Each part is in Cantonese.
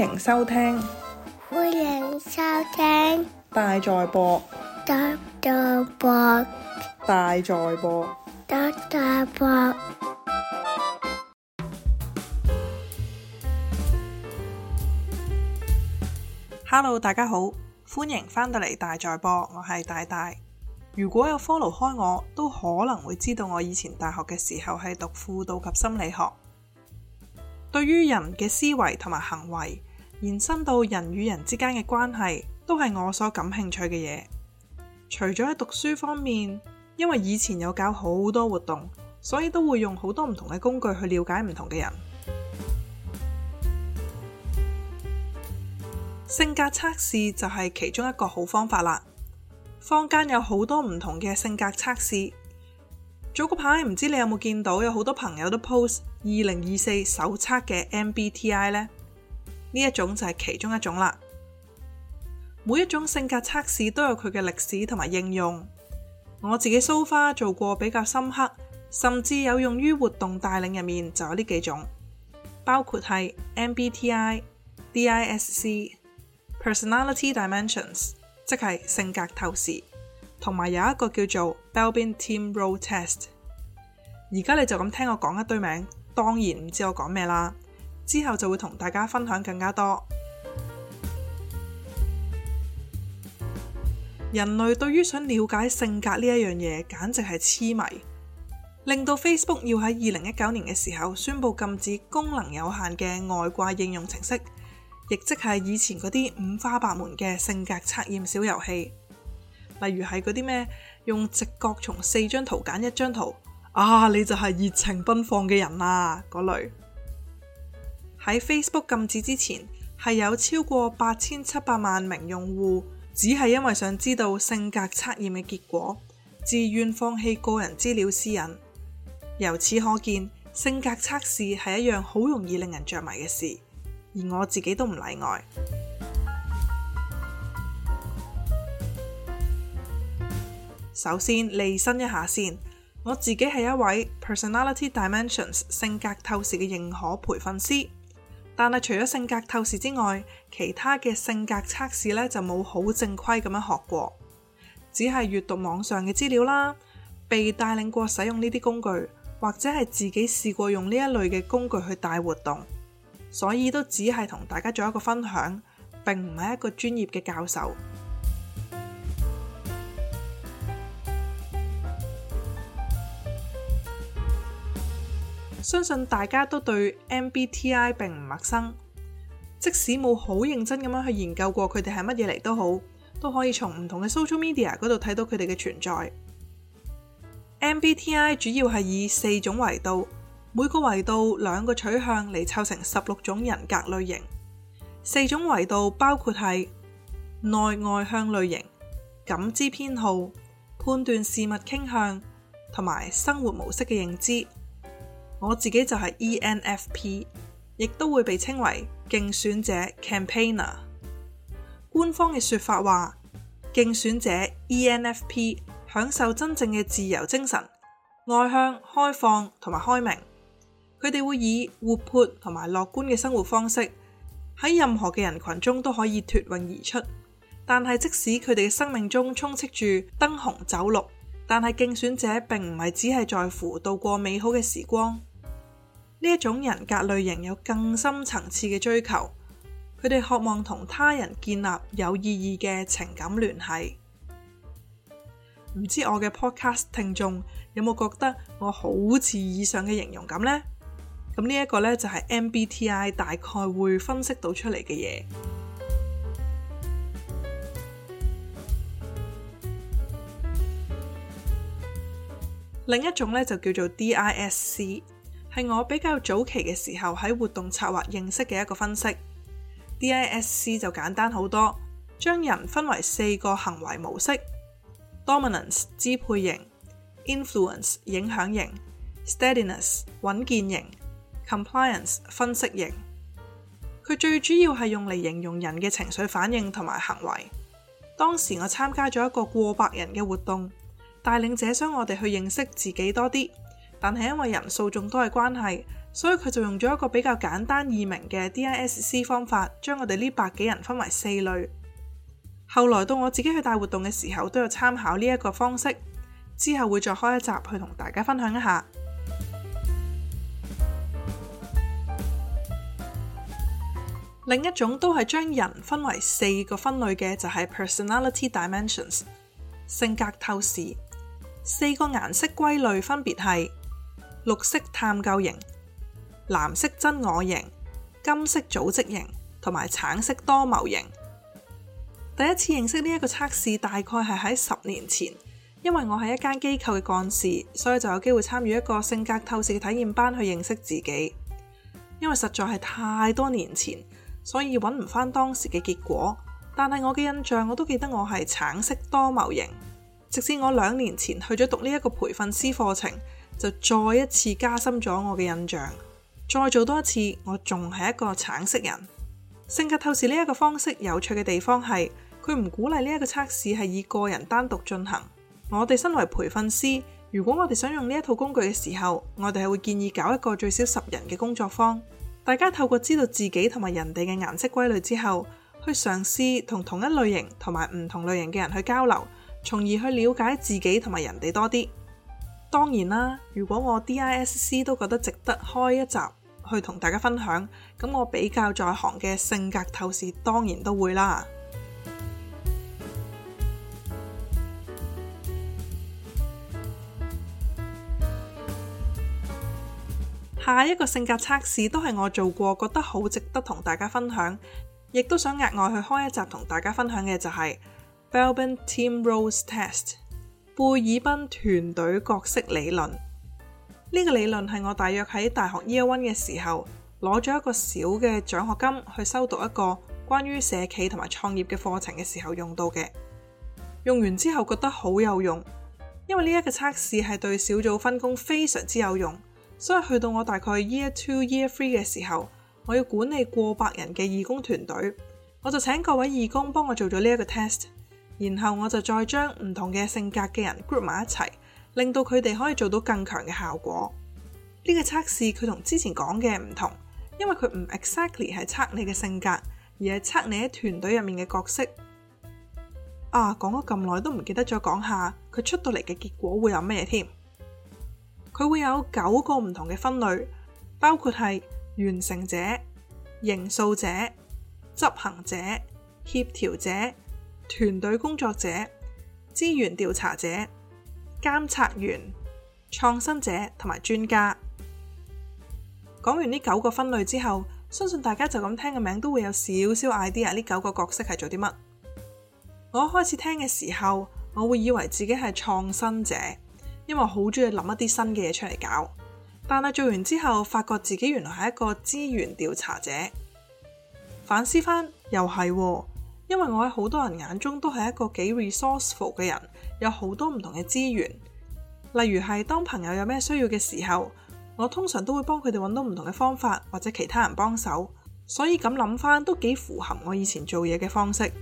歡迎收聽，歡迎收聽大在播，大在播，Hello，大家好，歡迎返到嚟大在播，我係大大。如果有 follow 開，我都可能會知道我以前大學嘅時候係讀輔導及心理學，對於人嘅思維同埋行為。延伸到人與人之間嘅關係，都係我所感興趣嘅嘢。除咗喺讀書方面，因為以前有搞好多活動，所以都會用好多唔同嘅工具去了解唔同嘅人。 性格測試就係其中一個好方法啦。坊間有好多唔同嘅性格測試，早個排唔知你有冇見到，有好多朋友都 post 二零二四手冊嘅 MBTI 呢。呢一種就係其中一種啦。每一種性格測試都有佢嘅歷史同埋應用。我自己 so far 做過比較深刻，甚至有用於活動帶領入面就有呢幾種，包括係 MBTI、DISC、Personality Dimensions，即係性格透視，同埋有一個叫做 Belbin Team Role Test。而家你就咁聽我講一堆名，當然唔知我講咩啦。之後就會同大家分享更加多。人類對於想了解性格呢一樣嘢，簡直係痴迷，令到 Facebook 要喺二零一九年嘅時候，宣布禁止功能有限嘅外掛應用程式，亦即係以前嗰啲五花八門嘅性格測驗小遊戲，例如係嗰啲咩用直覺從四張圖揀一張圖啊，啊你就係熱情奔放嘅人啊嗰類。喺 Facebook 禁止之前，係有超過八千七百萬名用戶，只係因為想知道性格測驗嘅結果，自願放棄個人資料私隱。由此可見，性格測試係一樣好容易令人着迷嘅事，而我自己都唔例外。首先，利申一下先，我自己係一位 Personality Dimensions 性格透視嘅認可培訓師。但係除咗性格透視之外，其他嘅性格測試呢就冇好正規咁樣學過，只係閱讀網上嘅資料啦，被帶領過使用呢啲工具，或者係自己試過用呢一類嘅工具去帶活動，所以都只係同大家做一個分享，並唔係一個專業嘅教授。相信大家都對 MBTI 並唔陌生，即使冇好認真咁樣去研究過佢哋係乜嘢嚟都好，都可以從唔同嘅 social media 嗰度睇到佢哋嘅存在。MBTI 主要係以四種維度，每個維度兩個取向嚟湊成十六種人格類型。四種維度包括係內外向類型、感知偏好、判斷事物傾向同埋生活模式嘅認知。我自己就係 E N F P，亦都會被稱為競選者 （campaigner）。官方嘅說法話，競選者 E N F P 享受真正嘅自由精神，外向、開放同埋開明。佢哋會以活潑同埋樂觀嘅生活方式喺任何嘅人群中都可以脫穎而出。但係即使佢哋嘅生命中充斥住燈紅酒綠，但係競選者並唔係只係在乎度過美好嘅時光。呢一種人格類型有更深層次嘅追求，佢哋渴望同他人建立有意義嘅情感聯繫。唔知我嘅 podcast 聽眾有冇覺得我好似以上嘅形容咁呢？咁呢一個呢，就係 MBTI 大概會分析到出嚟嘅嘢。另一種呢，就叫做 DISC。係我比較早期嘅時候喺活動策劃認識嘅一個分析，DISC 就簡單好多，將人分為四個行為模式：Dominance 支配型、Influence 影響型、Steadiness 穩健型、Compliance 分析型。佢最主要係用嚟形容人嘅情緒反應同埋行為。當時我參加咗一個過百人嘅活動，帶領者想我哋去認識自己多啲。但係因為人數眾多嘅關係，所以佢就用咗一個比較簡單易明嘅 DISC 方法，將我哋呢百幾人分為四類。後來到我自己去帶活動嘅時候，都有參考呢一個方式。之後會再開一集去同大家分享一下。另一種都係將人分為四個分類嘅，就係、是、Personality Dimensions 性格透視四個顏色歸類，分別係。綠色探究型、藍色真我型、金色組織型同埋橙色多謀型。第一次認識呢一個測試大概係喺十年前，因為我係一間機構嘅幹事，所以就有機會參與一個性格透視嘅體驗班去認識自己。因為實在係太多年前，所以揾唔翻當時嘅結果。但係我嘅印象，我都記得我係橙色多謀型，直至我兩年前去咗讀呢一個培訓師課程。就再一次加深咗我嘅印象。再做多一次，我仲係一個橙色人。性格透視呢一個方式有趣嘅地方係，佢唔鼓勵呢一個測試係以個人單獨進行。我哋身為培訓師，如果我哋想用呢一套工具嘅時候，我哋係會建議搞一個最少十人嘅工作坊。大家透過知道自己同埋人哋嘅顏色歸類之後，去嘗試同同一類型同埋唔同類型嘅人去交流，從而去了解自己同埋人哋多啲。當然啦，如果我 DISC 都覺得值得開一集去同大家分享，咁我比較在行嘅性格透視當然都會啦。下一個性格測試都係我做過，覺得好值得同大家分享，亦都想額外去開一集同大家分享嘅就係 Belbin Team Roles Test。貝爾賓團隊角色理論，呢個理論係我大約喺大學 year one 嘅時候攞咗一個小嘅獎學金去修讀一個關於社企同埋創業嘅課程嘅時候用到嘅。用完之後覺得好有用，因為呢一個測試係對小組分工非常之有用。所以去到我大概 year two year three 嘅時候，我要管理過百人嘅義工團隊，我就請各位義工幫我做咗呢一個 test。然後我就再將唔同嘅性格嘅人 group 埋一齊，令到佢哋可以做到更強嘅效果。呢、這個測試佢同之前講嘅唔同，因為佢唔 exactly 係測你嘅性格，而係測你喺團隊入面嘅角色。啊，講咗咁耐都唔記得再講下佢出到嚟嘅結果會有咩添？佢會有九個唔同嘅分類，包括係完成者、認數者、執行者、協調者。團隊工作者、資源調查者、監察員、創新者同埋專家。講完呢九個分類之後，相信大家就咁聽嘅名都會有少少 idea 呢九個角色係做啲乜？我開始聽嘅時候，我會以為自己係創新者，因為好中意諗一啲新嘅嘢出嚟搞，但係做完之後發覺自己原來係一個資源調查者。反思翻，又係。因為我喺好多人眼中都係一個幾 resourceful 嘅人，有好多唔同嘅資源。例如係當朋友有咩需要嘅時候，我通常都會幫佢哋揾到唔同嘅方法，或者其他人幫手。所以咁諗返都幾符合我以前做嘢嘅方式。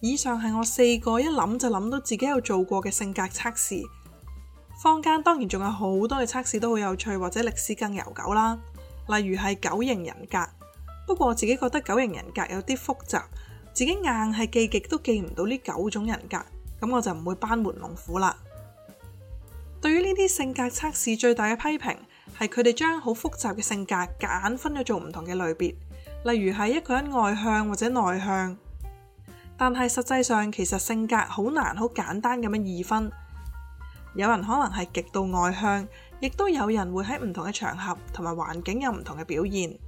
以上係我四個一諗就諗到自己有做過嘅性格測試。坊間當然仲有好多嘅測試都好有趣，或者歷史更悠久啦，例如係九型人格。不過我自己覺得九型人格有啲複雜，自己硬係記極都記唔到呢九種人格，咁我就唔會班門弄斧啦。對於呢啲性格測試，最大嘅批評係佢哋將好複雜嘅性格夾硬分咗做唔同嘅類別，例如係一個人外向或者內向，但係實際上其實性格好難好簡單咁樣二分。有人可能係極度外向，亦都有人會喺唔同嘅場合同埋環境有唔同嘅表現。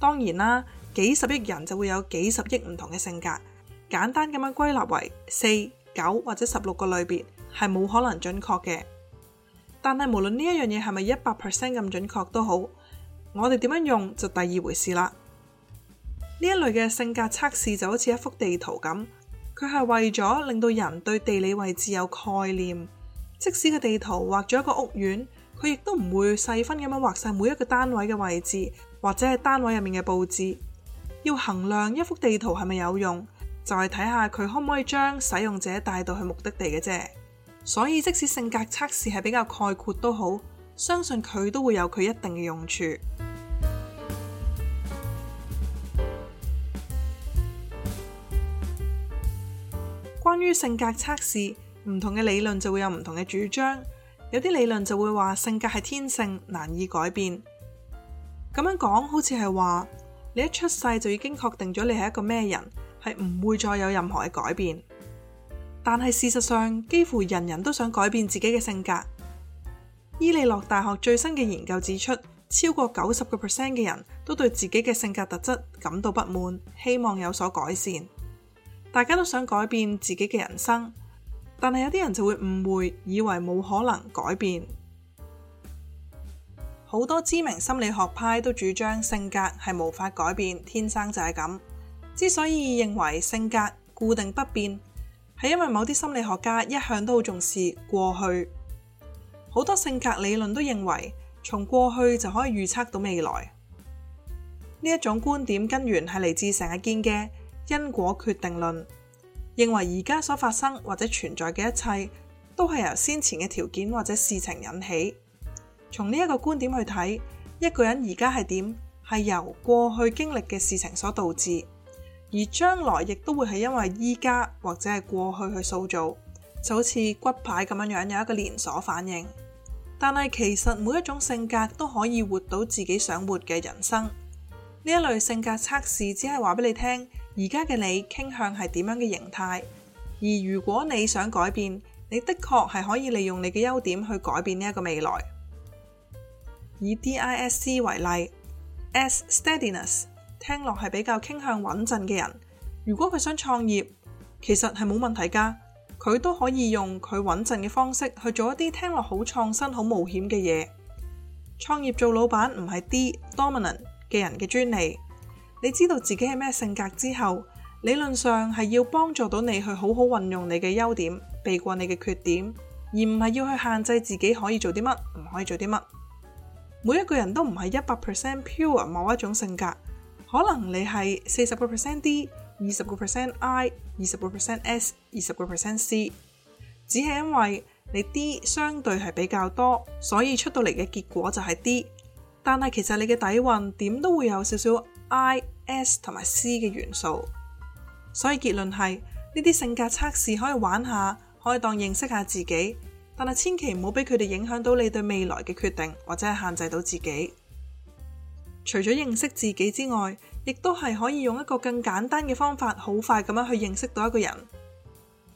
當然啦，幾十億人就會有幾十億唔同嘅性格。簡單咁樣歸納為四、九或者十六個類別，係冇可能準確嘅。但係無論呢一樣嘢係咪一百 percent 咁準確都好，我哋點樣用就第二回事啦。呢一類嘅性格測試就好似一幅地圖咁。佢係為咗令到人對地理位置有概念，即使個地圖畫咗一個屋苑，佢亦都唔會細分咁樣畫晒每一個單位嘅位置，或者係單位入面嘅佈置。要衡量一幅地圖係咪有用，就係睇下佢可唔可以將使用者帶到去目的地嘅啫。所以即使性格測試係比較概括都好，相信佢都會有佢一定嘅用處。對於性格測試，唔同嘅理論就會有唔同嘅主張。有啲理論就會話性格係天性，難以改變。咁樣講好似係話你一出世就已經確定咗你係一個咩人，係唔會再有任何嘅改變。但係事實上，幾乎人人都想改變自己嘅性格。伊利諾大學最新嘅研究指出，超過九十個 percent 嘅人都對自己嘅性格特質感到不滿，希望有所改善。大家都想改變自己嘅人生，但係有啲人就會誤會，以為冇可能改變。好多知名心理學派都主張性格係無法改變，天生就係咁。之所以認為性格固定不變，係因為某啲心理學家一向都好重視過去。好多性格理論都認為，從過去就可以預測到未來。呢一種觀點根源係嚟自成日見嘅。因果決定論認為，而家所發生或者存在嘅一切，都係由先前嘅條件或者事情引起。從呢一個觀點去睇，一個人而家係點，係由過去經歷嘅事情所導致，而將來亦都會係因為依家或者係過去去塑造，就好似骨牌咁樣樣，有一個連鎖反應。但係其實每一種性格都可以活到自己想活嘅人生。呢一類性格測試只係話俾你聽。而家嘅你傾向係點樣嘅形態？而如果你想改變，你的確係可以利用你嘅優點去改變呢一個未來。以 DISC 為例，S steadiness 聽落係比較傾向穩陣嘅人。如果佢想創業，其實係冇問題㗎，佢都可以用佢穩陣嘅方式去做一啲聽落好創新、好冒險嘅嘢。創業做老闆唔係 D dominant 嘅人嘅專利。你知道自己係咩性格之後，理論上係要幫助到你去好好運用你嘅優點，避過你嘅缺點，而唔係要去限制自己可以做啲乜，唔可以做啲乜。每一個人都唔係一百 percent pure 某一種性格，可能你係四十個 percent D，二十個 percent I，二十個 percent S，二十個 percent C，只係因為你 D 相對係比較多，所以出到嚟嘅結果就係 D。但係其實你嘅底蘊點都會有少少。I、S 同埋 C 嘅元素，所以結論係呢啲性格測試可以玩下，可以當認識下自己，但係千祈唔好俾佢哋影響到你對未來嘅決定，或者係限制到自己。除咗認識自己之外，亦都係可以用一個更簡單嘅方法，好快咁樣去認識到一個人。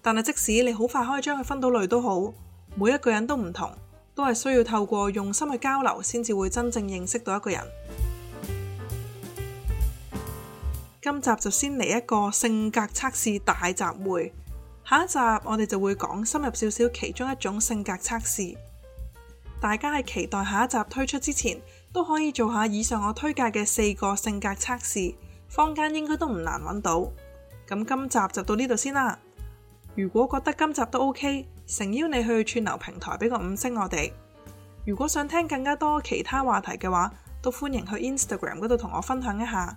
但係即使你好快可以將佢分到類都好，每一個人都唔同，都係需要透過用心去交流，先至會真正認識到一個人。今集就先嚟一個性格測試大雜薈，下一集我哋就會講深入少少其中一種性格測試。大家喺期待下一集推出之前，都可以做下以上我推介嘅四個性格測試，坊間應該都唔難揾到。咁今集就到呢度先啦。如果覺得今集都 OK，誠邀你去串流平台俾個五星我哋。如果想聽更加多其他話題嘅話，都歡迎去 Instagram 嗰度同我分享一下。